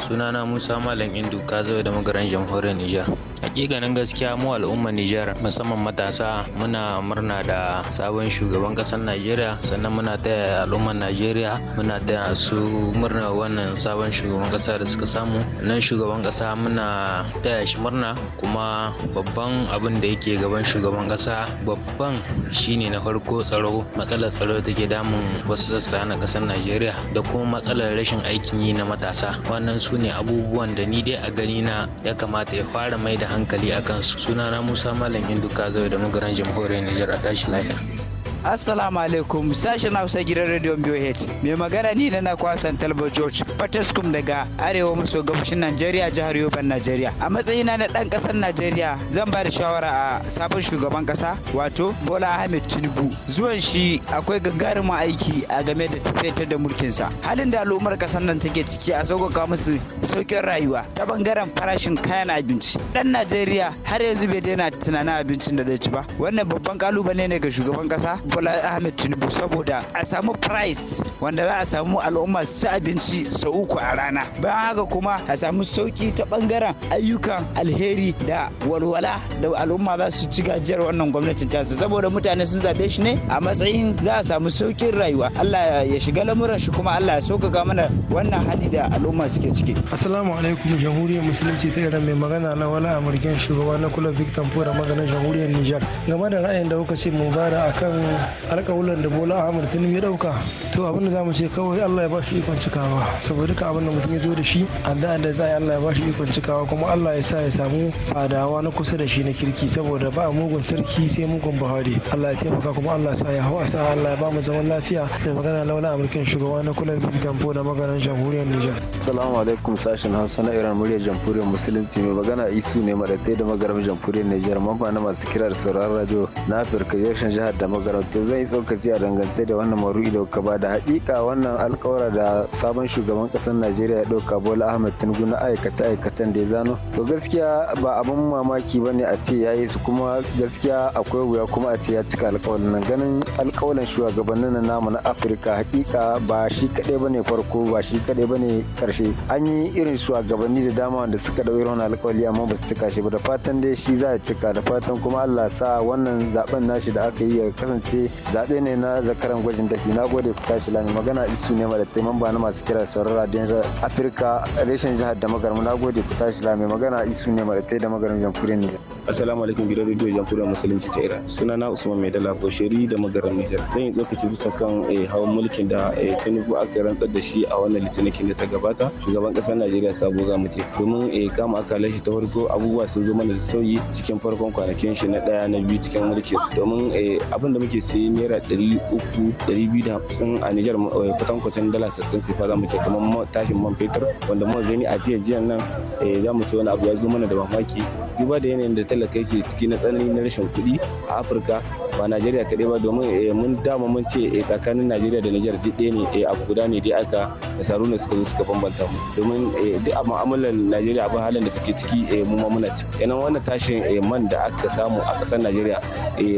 sunana Musa Malam Indu ka zo da magaran jamhuriyar Nijar. Hakikanin gaskiya mu al'umman Nijar musamman matasa muna murna da sabon shugaban ƙasar Najeriya sannan muna taya al'ummar Najeriya muna taya su murna wannan sabon shugaban ƙasa da suka samu. Nan shugaban ƙasa muna taya shi murna kuma babban abin da yake gaban shugaban ƙasa babban shine na farko tsaro matsalar tsaro da take damun wasu sassa na ƙasar Najeriya da kuma matsalar rashin aikin yi na matasa. Wannan su ne abubuwan da ni dai a gani na ya kamata ya fara mai da hankali a kansu sunana musa malam induka zai da magaran jamhuriyar nijar a tashi lafiya Assalamu alaikum sashen Hausa gidan Radio BOH. Mai magana ni na kwasan Talba George Fataskum daga Arewa maso gabashin Najeriya jihar Yoban Najeriya. A matsayina na dan kasar Najeriya zan ba da shawara a sabon shugaban kasa wato Bola Ahmed Tinubu. Zuwan shi akwai gagarumin aiki a game da tafiyar da mulkin sa. Halin da al'ummar kasar nan take ciki a sauƙaƙa musu saukin rayuwa ta bangaren farashin kayan abinci. Dan Najeriya har yanzu bai daina tunanin abincin da zai ci ba. Wannan babban kalubale ne ga shugaban kasa bola ahmed tinubu saboda a samu price wanda za a samu al'umma su abinci sau uku a rana bayan haka kuma a samu sauki ta bangaren ayyukan alheri da walwala da al'umma za su ci gajiyar wannan gwamnatin tasa saboda mutane sun zabe shi ne a matsayin za a samu saukin rayuwa allah ya shiga lamuran shi kuma allah ya sauƙaƙa mana wannan hali da al'umma suke ciki assalamu alaikum jamhuriyar musulunci ta iran mai magana na wani amurken shugaba na kula victor fura maganin jamhuriyar nijar game da ra'ayin da kuka ce mu bada akan alƙawulan da bola ahmad tinubu ya ɗauka to abin da zamu ce kawai allah ya ba shi ikon cikawa saboda duka abin da mutum ya zo da shi a da da za allah ya ba shi ikon cikawa kuma allah ya sa ya samu fadawa na kusa da shi na kirki saboda ba mugun sarki sai mugun bahari allah ya taimaka kuma allah ya sa ya hawa sa allah ya ba mu zaman lafiya da magana laula amurkin shugaba na kula kulan bidigan da maganar jamhuriyar nijar assalamu alaikum sashen hausa na iran muryar jamhuriyar musulunci mai magana isu ne madadai da magaram jamhuriyar nijar mamba na masu kirar sauraron radio na afirka yarshen jihar da magaram to zan yi tsokaci a dangance da wannan maru'i da kuka da hakika wannan alkawara da sabon shugaban kasar najeriya ya ɗauka bola ahmed tinubu na aikace aikacen da ya zano to gaskiya ba abin mamaki ba ne a ce ya yi su kuma gaskiya akwai wuya kuma a ce ya cika alkawarin nan ganin alkawarin shugabannin na namu na afirka hakika ba shi kaɗai ba ne farko ba shi kaɗai ba ne ƙarshe an yi irin shugabanni da dama wanda suka dauki irin alkawari amma ba su cika shi ba da fatan dai shi za a cika da fatan kuma allah sa wannan zaben nashi da aka yi ya kasance ce zaɓe ne na zakaran gwajin dafi na gode ku tashi lami magana isu ne da taiman ba na masu kira sauran radiyon afirka reshen jihar da magarmu na gode ku tashi lami magana isu ne da tai da magarmu jamhuriyar nijar assalamu alaikum gidan rediyo jamhuriyar musulunci ta iran suna na usman mai dala koshiri da magaran nijar zan yi tsokaci bisa kan eh, hawan mulkin da eh, tinubu aka rantsar da shi a wannan litinikin da ta gabata shugaban ƙasar najeriya sabo za mu ce domin eh, kama akalar shi ta farko abubuwa sun zo mana da sauyi cikin farkon kwanakin shi na ɗaya na biyu cikin mulkin su domin abin da muke sai naira ɗari uku ɗari biyu da hamsin a Nijar eh, kwatan dala sassan sifa za mu ce kamar tashin man fetur wanda mu gani a jiya jiyan nan eh, za mu ce wani abu ya zo mana da mamaki duba da yanayin da talaka yake ciki na tsanani na rashin kuɗi a Afirka ba Najeriya kaɗai ba domin eh, mun dama mun ce tsakanin Najeriya da Nijar duk ɗaya ne abu guda ne dai aka da ne suka zo suka bambanta mu domin duk a mu'amalar Najeriya abin halin da take ciki mu ma muna ciki. Yanan wannan tashin man da aka samu a ƙasar Najeriya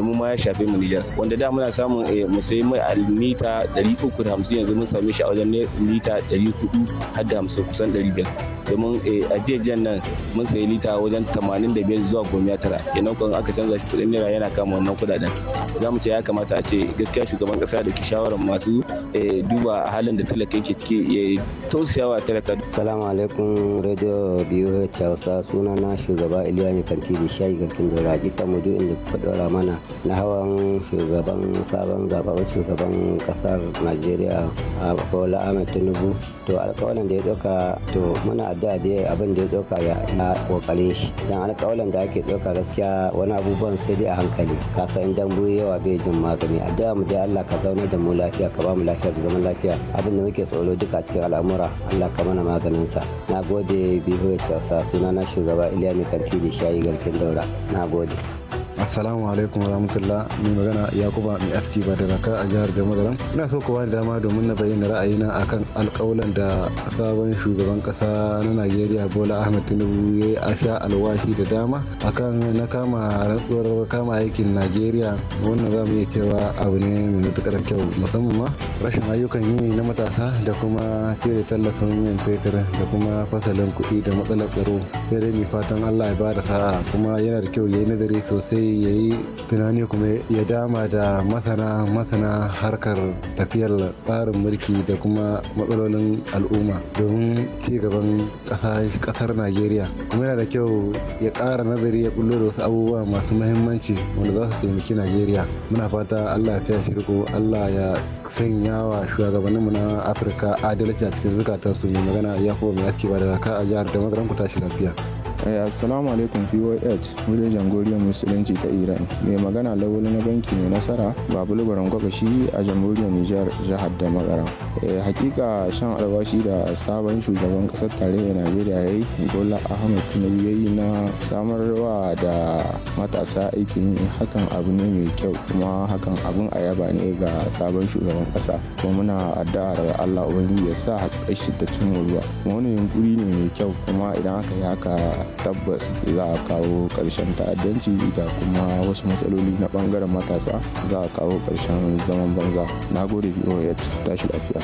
mu ma ya shafe mu Nijar wanda da muna samun eh, mu sayi mai a lita 350 yanzu mun same shi a wajen lita 400 har da 50 kusan 500 domin eh, a jejiyar nan mun sayi lita wajen 85 zuwa 19 kenan kun aka canza shi kudin naira yana kama wannan kudaden za mu ce ya kamata a ce gaskiya shugaban kasa da ke shawarar masu eh, duba halin da talaka yake ciki ya tausayawa talaka salamu alaikum radio biyu hausa suna na shugaba iliya mai kanti da shayi garkin da ta mudu inda da kuka dora mana na hawan shugaba zaben sabon zababen shugaban kasar najeriya a bola ahmed tinubu to alkawalin da ya doka to muna addu'a da abin da ya doka ya kokarin shi dan alkawalin da ake doka gaskiya wani abubuwan sai dai a hankali ka san dan yawa bai jin magani addu'a mu dai Allah ka zauna da mu lafiya ka ba mu lafiya da zaman lafiya abin da muke tsoro duka cikin al'amura Allah ka mana maganin sa na gode nagode bihoyi sa suna na shugaba Iliya Kanti da shayi garkin daura na gode. assalamu alaikum warahmatullah mai magana yakuba mai aski ba da raka a jihar jamhuriyar ina so ku bani dama domin na bayyana ra'ayina akan alƙawalan da sabon shugaban ƙasa na najeriya bola ahmed tinubu ya yi sha alwashi da dama akan na kama rantsuwar kama aikin najeriya wannan za mu iya cewa abu ne mai matuƙar kyau musamman ma rashin ayyukan yi na matasa da kuma cire tallafin yan fetur da kuma fasalin kuɗi da matsalar tsaro sai dai mai fatan allah ya da sa'a kuma yana da kyau ya yi nazari sosai yayi tunani kuma ya dama da masana masana harkar tafiyar tsarin mulki da kuma matsalolin al'umma domin ci gaban kasar najeriya kuma yana da kyau ya kara nazari ya bullo da wasu abubuwa masu mahimmanci wanda za su taimaki najeriya muna fata allah ya taya allah ya sanya wa shugabanninmu na afirka adalci a cikin zukatansu mai magana ya kuma mai aski ba da raka a jihar da magaran ku tashi lafiya. Eh, assalamu alaikum POH muryar jamhuriyar musulunci ta iran mai magana lawali na banki mai nasara babu lubaran a jamhuriyar nijar jihar da magara eh, hakika shan alwashi da sabon shugaban kasar tarayyar najeriya ya yi bola ahmed tinubu ya yi na samarwa da matasa aikin hakan abu ne mai kyau kuma hakan abun a yaba ne ga sabon shugaban kasa kuma muna addu'ar allah ubangiji ya sa haƙƙashi da cin ruwa wani yunkuri ne mai kyau kuma idan aka yi haka tabbas za a kawo ƙarshen ta'addanci da kuma wasu matsaloli na ɓangaren matasa za a kawo ƙarshen zaman banza na gode voa tashi lafiya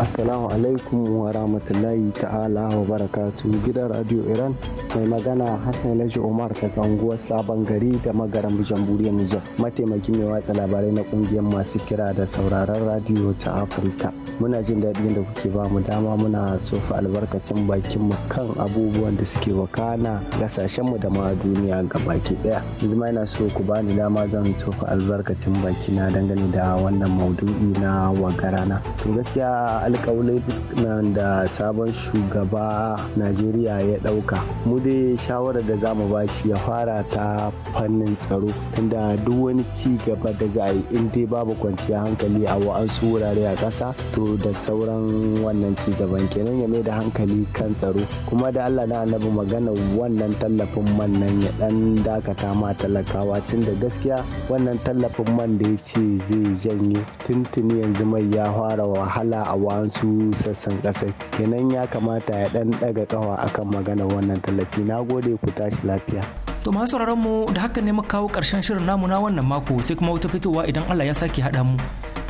assalamu alaikum wa rahmatullahi ta'ala wa barakatu gidan radio iran mai magana hassan laji umar ta unguwar sabon gari da magaran buriya nijar mataimakin mai watsa labarai na kungiyar masu kira da sauraron radio ta afirka muna jin daɗi da kuke ba mu dama muna sofa albarkacin bakin mu kan abubuwan da suke wakana kasashenmu da ma duniya gabaki daya zima yana so ku bani dama zan tofa albarkacin baki na dangane da wannan maudu'i na wagarana to gaskiya alkawalin nan da sabon shugaba najeriya ya dauka mu dai shawarar da zamu ba shi ya fara ta fannin tsaro tunda duk wani ci gaba da za a yi in dai babu kwanciya hankali a wa'ansu wurare a kasa to da sauran wannan ci gaban kenan ya mai da hankali kan tsaro kuma da allah na annabi magana wannan tallafin man nan ya dan dakata ma talakawa tun da gaskiya wannan tallafin man da ya ce zai janye tuntuni yanzu mai ya fara wahala a wasu sassan kasar kenan ya kamata ya dan daga kawa akan magana wannan tallafi na gode ku tashi lafiya to masu mu da haka ne muka kawo karshen shirin namu na wannan mako sai kuma wata fitowa idan Allah ya sake haɗa mu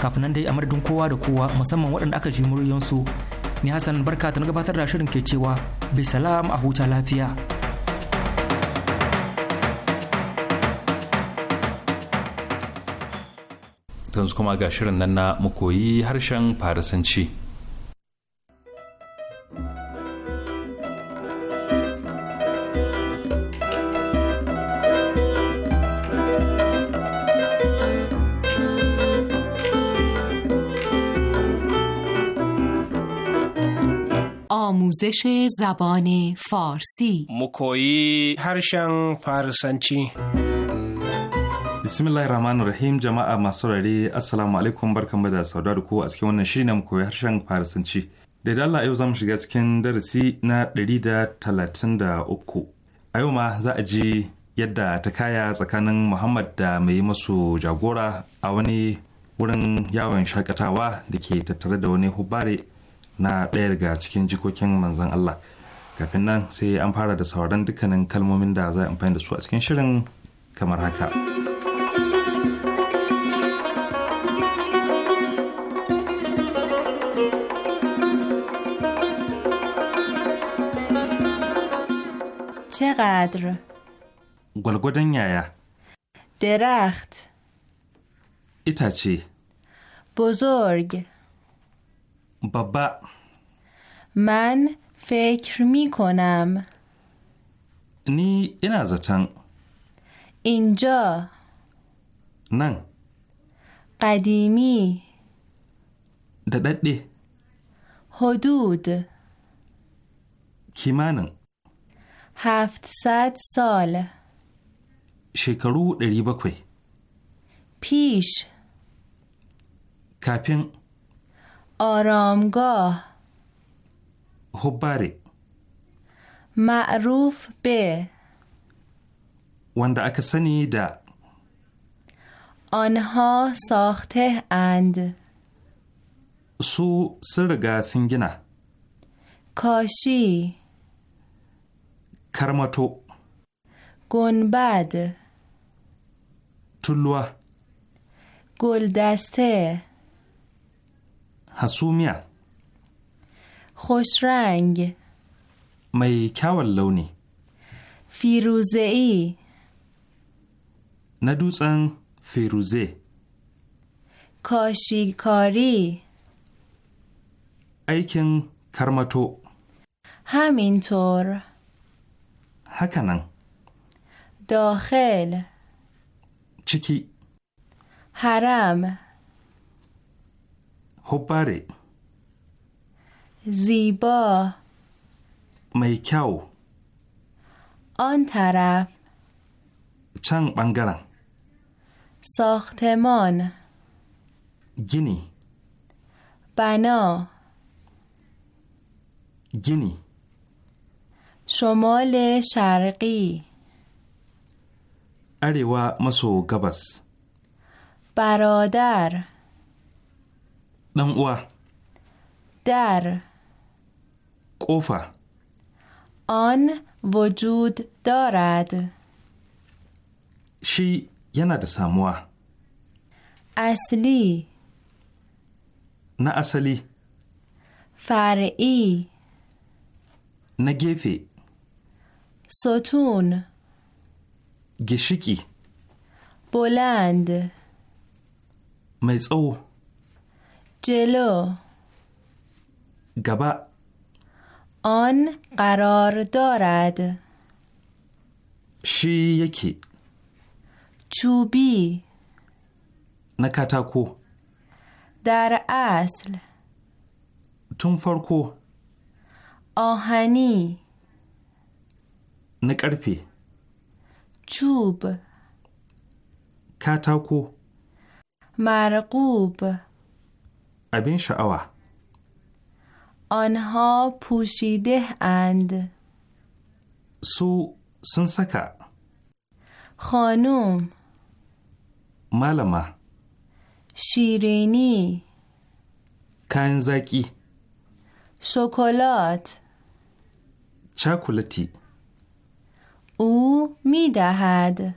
kafin nan dai a kowa da kowa musamman waɗanda aka ji muryoyinsu ni hassan barka ta gabatar da shirin ke cewa bai salam a huta lafiya yanzu kuma ga shirin nan na mukoyi harshen farisanci آموزش زبان فارسی مکویی هرشن فارسنچی bismillahir rahmanir rahim jama'a masu rare assalamu alaikum barkanmu da sauda da ku a cikin wannan shiri na mu koyi harshen farisanci da da Allah yau zamu shiga cikin darasi na ɗari da da talatin uku. a yau ma za a ji yadda ta kaya tsakanin muhammad da mai masu jagora a wani wurin yawon shakatawa da ke tattare da wani hubare na ɗaya daga cikin jikokin manzon Allah kafin nan sai an fara da sauran dukkanin kalmomin da za a amfani da su a cikin shirin kamar haka. چقدر؟ yaya یایا درخت ایتاچی بزرگ بابا من فکر می کنم نی این از اینجا نن قدیمی دی حدود هفت ست سال شکرو دری بکوی پیش کپین آرامگاه خب هوباری بله. معروف به وند اکسنی دا آنها ساخته اند سو سرگا سنگینا کاشی کرماتو گنبد تلوه گلدسته hasumiya Khoshrang Mai kyawun launi Firuzei Na dutsen Firuze Koshikori. Aikin karmato Hamintor Hakanan Dakhil Ciki. Haram هوباره زیبا میکاو آن طرف چنگ بنگرن ساختمان گینی بنا جنی شمال شرقی اریوا مسو گبس برادر ɗan uwa dar ƙofa on wujud darad shi yana da samuwa asli na asali far'i na gefe sotun gishiki boland mai tsawo جلو گبا آن قرار دارد شی یکی چوبی نکتاکو در اصل تون آهنی نکرپی چوب کتاکو مرقوب ابین شعوه آنها پوشیده اند سو سنسکا خانوم مالما. شیرینی کنزکی شکلات چاکولتی او میدهد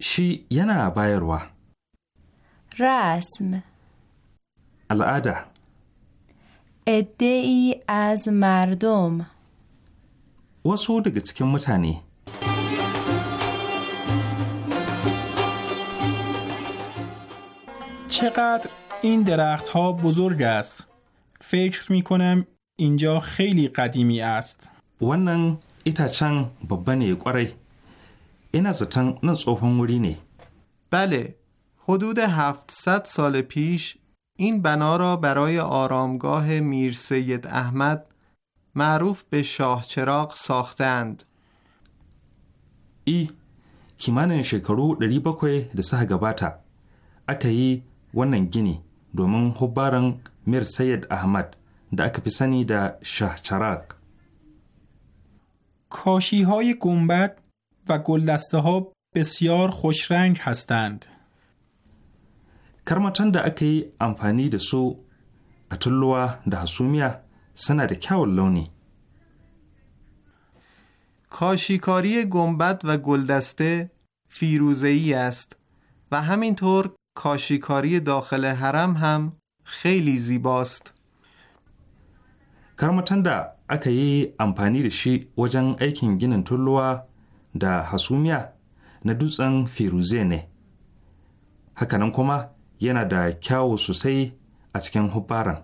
شی ینا بایروا رسم العاده ای از مردم وسو دگه متنی. متانی چقدر این درخت ها بزرگ است فکر می کنم اینجا خیلی قدیمی است ونن ایتا چنگ ببنی قره این از تنگ نصفان نی. بله حدود 700 سال پیش این بنا را برای آرامگاه میر سید احمد معروف به شاه چراغ ساختند ای کیمان شکارو دری بکوی ده سه گباتا اکایی ونن گینی دومن حبارن میر سید احمد ده اکپسانی ده شاه چراغ کاشی های گمبت و گلدسته ها بسیار خوش رنگ هستند karmatan da aka yi amfani da su a tulluwa da hasumiya suna da kyawun launi کاشیکاری گنبد و گلدسته فیروزه‌ای است و همینطور کاشیکاری داخل ham هم خیلی زیباست. karmatan da aka yi amfani da shi wajen aikin ginin tulluwa da hasumiya na dutsen firuze ne hakanan kuma yana da kyawu sosai a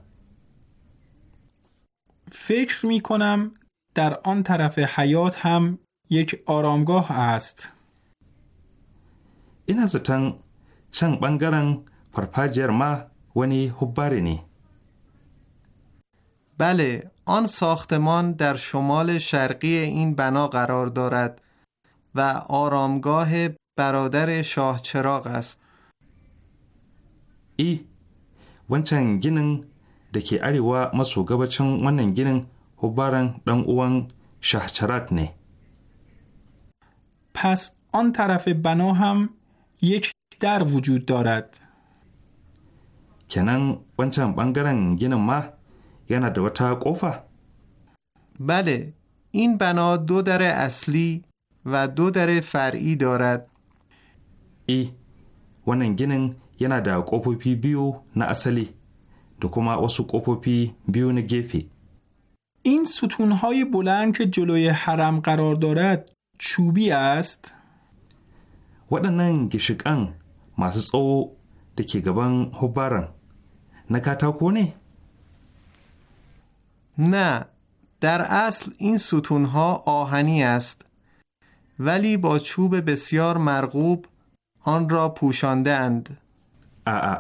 فکر می کنم در آن طرف حیات هم یک آرامگاه است. این زتن چند بنگرن پرپاجر ما ونی حبارنی. بله، آن ساختمان در شمال شرقی این بنا قرار دارد و آرامگاه برادر شاه چراغ است. i wancan ginin da ke arewa maso gabacin wannan ginin hubaran dan uwan shaharat ne. Pas on taraf bano ham yake dar wujud darad. Kenan wancan bangaren ginin ma yana da wata kofa? Bale, in bana do dare asli wa do dare far'i darad. E, wannan ginin yana da ƙofofi بیو na asali da kuma wasu ƙofofi biyu na gefe. این ستونهای بلند که جلوی حرم قرار دارد چوبی است؟ waɗannan گشکان masu tsawo da ke gaban hubbaran na katako ne? نه در اصل این ستونها آهنی است ولی با چوب بسیار مرغوب آن را پوشانده اند. a'a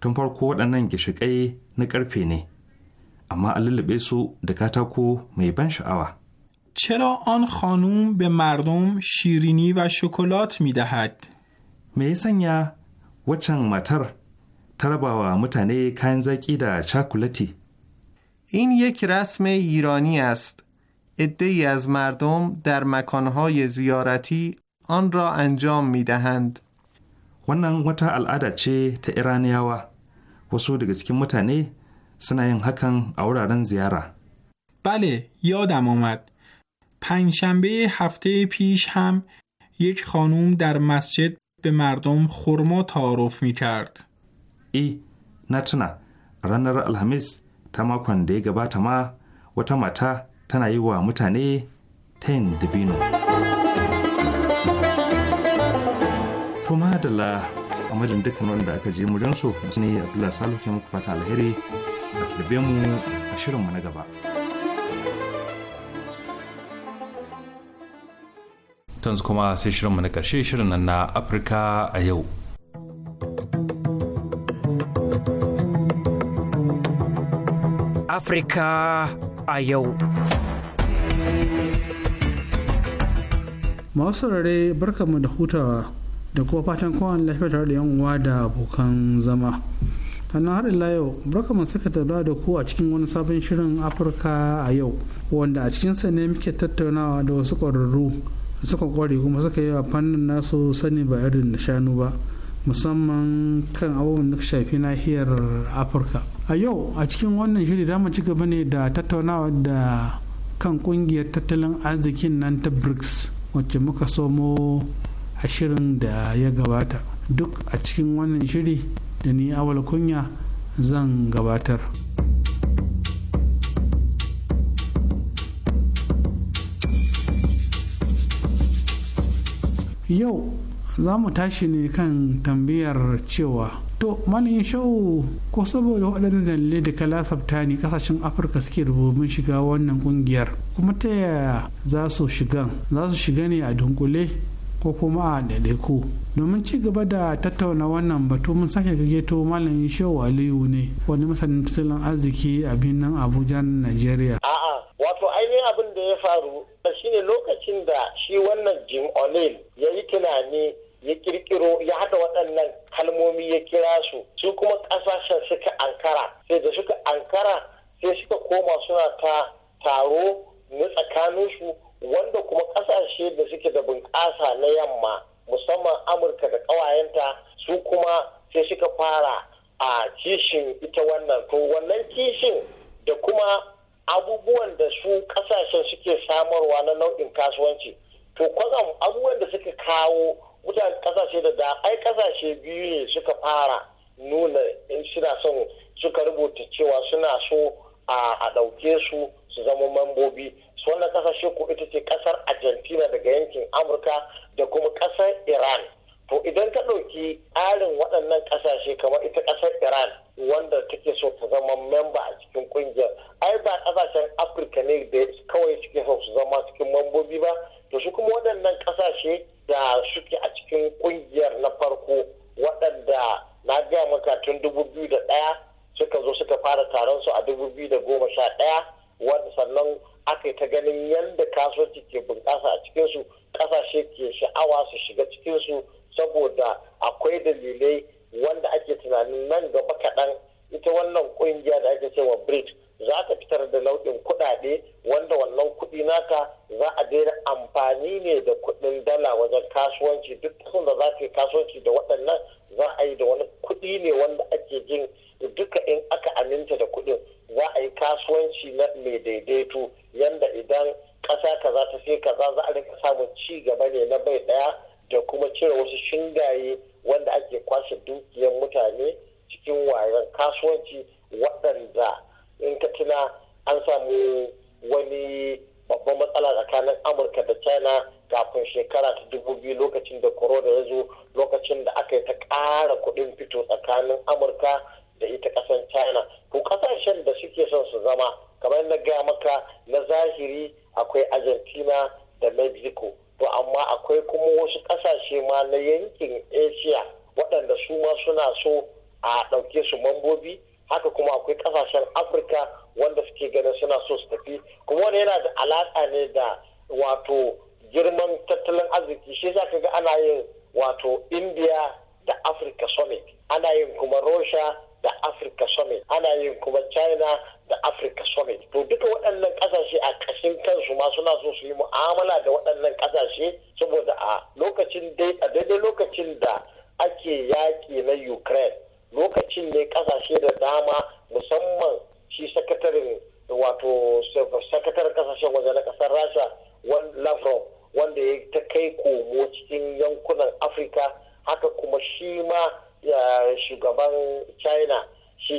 tun farko waɗannan gishiƙai na ƙarfe ne اما للبه سو دکتاکو میبن شعوه چرا آن خانوم به مردم شیرینی و شکلات می دهد؟ میسن یا وچن متر تربا و متنه کنزکی در چاکولتی این یک رسم ایرانی است ای از مردم در مکانهای زیارتی آن را انجام می دهند wannan wata al'ada ce ta iraniyawa wasu daga cikin mutane suna yin hakan a wuraren ziyara bale yadam اومد پنجشنبه هفته پیش هم yake خانوم در مسجد به مردم خرما تعارف می کرد. ای tuna ranar alhamis ta makon da ya gabata ma wata mata tana yi wa mutane tayin dabino. kuma da la a madadin dukkan wanda aka je mujan su. ne abdullahi salu ke muku fata alheri a tarbe mu a shirinmu na gaba yanzu kuma sai shirinmu na ƙarshe shirin nan na afirka a yau afirka a yau masu rare barkamu da hutawa da kuma fatan kowane lafiya tare da yan uwa da abokan zama sannan har ila yau Baraka mun saka tattauna da ku a cikin wani sabon shirin afirka a yau wanda a cikin sa ne muke tattaunawa da wasu ƙwararru da suka ƙware kuma suka yi wa fannin nasu sani ba irin da shanu ba musamman kan abubuwan da shafi nahiyar afirka a yau a cikin wannan shiri da ci gaba ne da tattaunawa da kan ƙungiyar tattalin arzikin nan ta brics wacce muka somo a shirin da ya gabata duk a cikin wannan shiri da ni awal kunya zan gabatar yau za mu tashi ne kan tambayar cewa to malin shau ko saboda waɗannan dalilai da ka lasafta ne kasashen afirka suke rububin shiga wannan kungiyar kuma ta yaya za shigan za su shiga ne a dunkule ko kuma a ɗaiɗaiku domin ci gaba da tattauna wannan batu mun sake gageto malam shehu aliyu ne wani masanin tattalin arziki a birnin abuja nigeria a'a wato ainihin abin da ya faru shine lokacin da shi wannan jim o'neil ya yi tunani ya kirkiro ya haɗa waɗannan kalmomi ya kira su su kuma ƙasashen suka ankara sai da suka ankara sai suka koma suna ta taro na tsakaninsu wanda kuma kasashe da suke da bunƙasa na yamma musamman amurka da ƙawayenta su kuma sai suka fara a kishin ita wannan to wannan kishin da kuma abubuwan da su kasashen suke samarwa na nau'in kasuwanci to kwazan abubuwan da suka kawo mutane kasashe da da ai kasashe biyu ne suka fara nuna in suna son suka rubuta cewa suna so a ɗauke su su zama mambobi su wannan kasashe ko ita ce kasar argentina daga yankin amurka da kuma kasar iran to idan ka ɗauki tsarin waɗannan ƙasashe kamar ita kasar iran wanda take so ta zama memba a cikin ƙungiyar ai ba kasashen afirka ne da kawai suke so su zama cikin mambobi ba to shi kuma waɗannan ƙasashe da suke a cikin ƙungiyar na farko waɗanda na gaya maka tun dubu biyu da ɗaya suka zo suka fara taron su a dubu biyu da goma sha ɗaya wanda sannan aka yi ta ganin yadda kasuwanci ke bunƙasa a cikinsu ƙasashe ke sha'awa su shiga cikinsu saboda akwai dalilai wanda ake tunanin nan gaba kaɗan ita wannan ƙungiya da ake cewa brit za ta fitar da nau'in kuɗaɗe wanda wannan kuɗi naka za a daina amfani ne da kuɗin dala wajen kasuwanci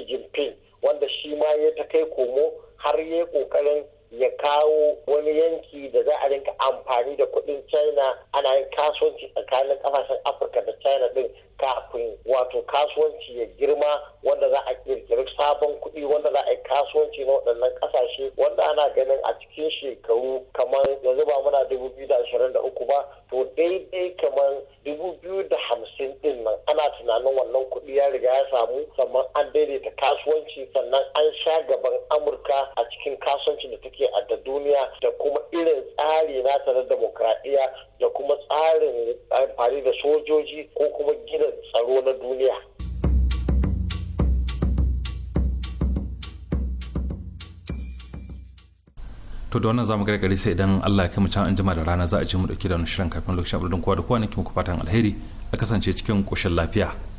Jinping wanda shi ma ya ta kai komo har ya kokarin ya kawo wani yanki da za a rinka amfani da kudin china ana yin kasuwanci tsakanin ƙasashen afirka da china din kafin wato kasuwanci ya girma wanda za a kirkiri sabon kuɗi wanda za a yi kasuwanci na waɗannan ƙasashe wanda ana ganin a cikin shekaru kamar yanzu ba muna dubu biyu da ashirin da uku ba to daidai kamar dubu biyu da hamsin ɗin nan ana tunanin wannan kuɗi ya riga ya samu sannan an daidaita kasuwanci sannan an sha gaban amurka a cikin kasuwanci da take a da duniya da kuma irin tsari na ta na demokradiyya da kuma tsarin amfani da sojoji ko kuma gina tsaro na duniya. to da wannan zamu gargare sai idan Allah ya kai mu can an jima da rana za a ce mu dauki da wani shirin kafin lokacin abudin kowa da kowa ne ke muku alheri a kasance cikin koshin lafiya